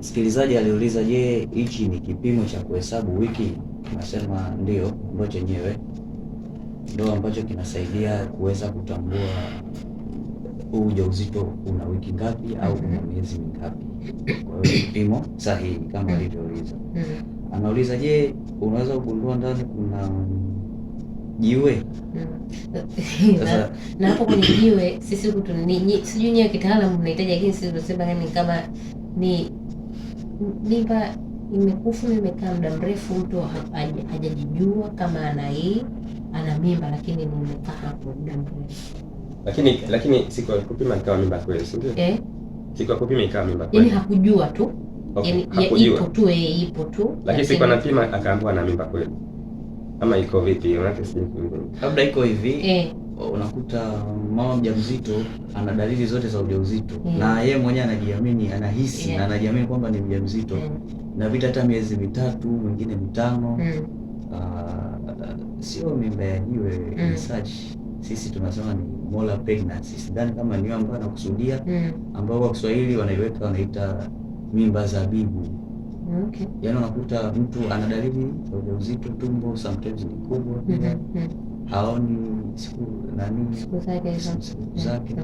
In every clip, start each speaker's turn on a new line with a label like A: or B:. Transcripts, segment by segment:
A: Msikilizaji aliuliza, je, hichi ni kipimo cha kuhesabu wiki? Nasema ndio, ndo chenyewe ndo ambacho kinasaidia kuweza kutambua huu ujauzito una wiki ngapi au una miezi mingapi. Kwa hiyo kipimo sahihi kama alivyouliza. Mm. Anauliza, je, unaweza kugundua ndani kuna jiwe mm.
B: na, hapo kwenye jiwe sisi huku sijui nyewe kitaalamu mnahitaji, lakini sisi tunasema kama ni mimba imekufa imekaa muda mrefu, mtu hajajijua kama ana hii ana mimba, lakini nimekaa hapo muda mrefu.
C: Lakini lakini siku alikupima ikawa mimba kweli, si ndio? Eh, siku alikupima ikawa mimba yaani
B: kweli, yani hakujua tu okay. Yani ipo tu, eh, ipo tu,
C: lakini siku yaani- anapima akaambiwa ana mimba kweli, ama iko vipi? Maana sijui,
A: labda iko hivi eh unakuta mama mjamzito ana dalili zote za ujauzito mm. na yeye mwenyewe anajiamini, anahisi yeah. na anajiamini kwamba ni mjamzito mm. na vita hata miezi mitatu mwingine mitano mm. uh, sio mimba ya jiwe mm. research sisi tunasema ni molar pregnancy, sidhani kama niyo ambayo anakusudia mm. ambao kwa Kiswahili wanaiweka wanaita mimba zabibu. Okay. Yaani unakuta mtu ana dalili za ujauzito, tumbo sometimes ni kubwa mm-hmm. mm -hmm haoni siku nani
B: siku zake hizo eh,
A: zake,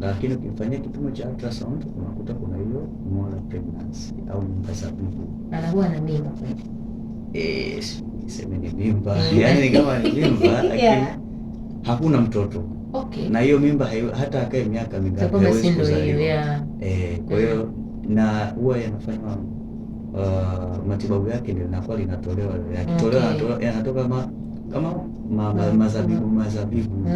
A: lakini ukimfanyia kipimo cha ultrasound unakuta kuna hiyo molar pregnancy au mimba za bibi.
B: Anakuwa na mimba kweli?
A: Eh, sema ni mimba, eh. yani ni kama ni mimba lakini hakuna mtoto. Okay. Na hiyo mimba hata akae miaka mingapi
B: hawezi kuzaliwa.
A: Eh, kwa hiyo mm-hmm. na huwa yanafanywa uh, matibabu yake ndio inakuwa linatolewa, yakitolewa yanatoka kama kama ma, ma, mazabibu mazabibu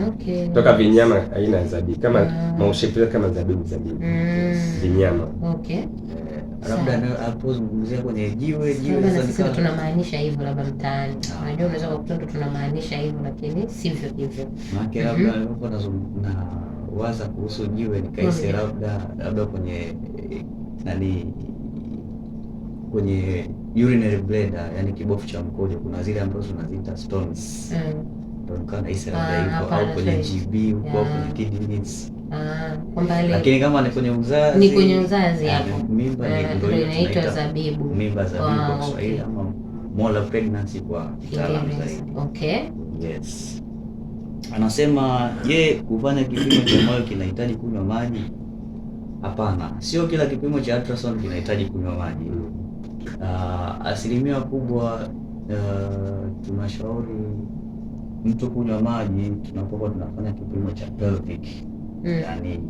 C: Toka vinyama aina ya zabibu kama ah. Maushepe kama zabibu zabibu mm. Vinyama okay.
A: Eh, labda alipozungumzia kwenye jiwe jiwe,
B: sasa sisi tunamaanisha hivyo, labda mtaani, ah. unajua unaweza kukuta ndo tunamaanisha hivyo, lakini sivyo hivyo.
A: Maana mhm. labda alikuwa anazungumza waza kuhusu jiwe, nikaise labda labda kwenye eh, nani kwenye urinary bladder, yani kibofu cha mkojo, kuna zile ambazo tunaziita stones mm. hiyo ah, au kwenye GB huko au kwenye kidneys ah, lakini kama ni kwenye uzazi
B: ni kwenye uzazi eh, hapo, mimba eh, ndio inaitwa zabibu,
A: mimba zabibu kwa ah, Kiswahili ama mola pregnancy kwa kitaalamu zaidi. Okay, yes. Anasema je, kufanya kipimo cha moyo kinahitaji kunywa maji? Hapana, sio kila kipimo cha ultrasound kinahitaji kunywa maji. Uh, asilimia kubwa uh, tunashauri mtu kunywa maji tunapokuwa tunafanya kipimo cha pelvic mm. Yani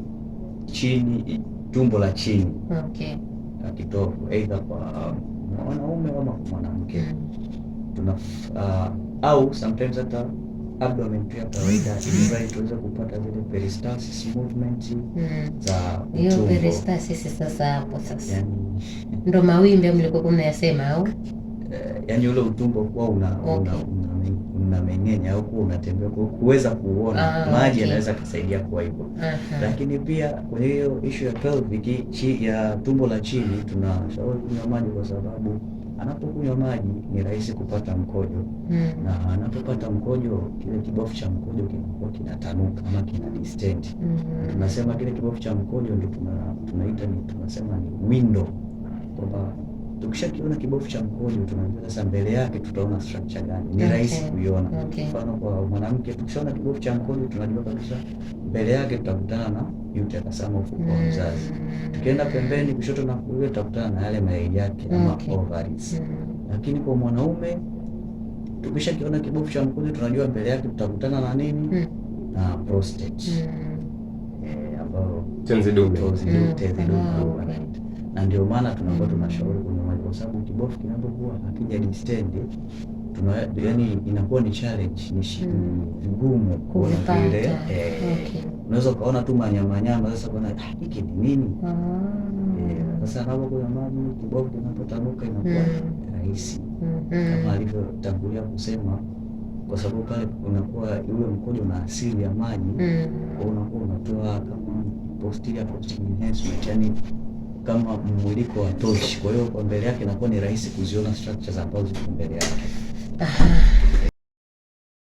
A: chini tumbo la chini okay. na kitovu aidha kwa mwanaume ama kwa mwanamke mm. tuna uh, au sometimes hata abdomen pia ya kawaida ili tuweze kupata zile peristalsis movement mm. za
B: utumbo. Hiyo peristalsis sasa hapo sasa. Yani, Ndo mawimbi au mlikuwa mnayasema au?
A: Eh, yani ule utumbo kuwa una okay. unameng'enya au kuwa unatembea kwa kuweza kuona ah, maji yanaweza okay. kusaidia kuwa hivyo uh -huh. Lakini pia kwenye hiyo issue ya pelvic ya tumbo la chini tunashauri kunywa maji kwa sababu anapokunywa maji ni rahisi kupata mkojo mm. na anapopata mkojo, kile kibofu cha mkojo kinakuwa kinatanuka ama kina distend mm -hmm. tunasema kile kibofu cha mkojo ndio tunaita ni tunasema ni window, kwamba tukishakiona kibofu cha mkojo tunajua sasa mbele yake tutaona structure gani, ni rahisi okay. kuiona okay. mfano kwa mwanamke tukishaona kibofu cha mkojo tunajua kabisa mbele yake tutakutana na yute akasama ufuko wa mm. mzazi. Tukienda pembeni kushoto na kulia tutakutana na yale mayai yake ama ovaries. Mm. Lakini kwa mwanaume tukisha kiona kibofu cha mkuzi tunajua mbele yake tutakutana na nini? Mm. Na prostate.
C: Eh, ambayo tenzi dume.
A: Tenzi dume. Ah, na ndio maana tunakuwa tunashauri kwa sababu kibofu kinapokuwa hakija distendi tuna, yani inakuwa ni challenge ni hmm. vigumu kuona vile eh, unaweza ukaona tu manyama nyama, Sasa kuna ah, hiki ni nini? Ah. Eh, sasa hapo kuna maji kibofu inapotanuka inakuwa hmm. rahisi hmm. kama alivyotangulia kusema, kwa sababu pale unakuwa ule mkojo una asili ya maji, kwa unakuwa unatoa kama posterior proximal enhancement, yani kama mwiliko wa tochi, Kwa hiyo kwa mbele yake inakuwa ni rahisi kuziona structures ambazo ziko mbele yake. Uh-huh.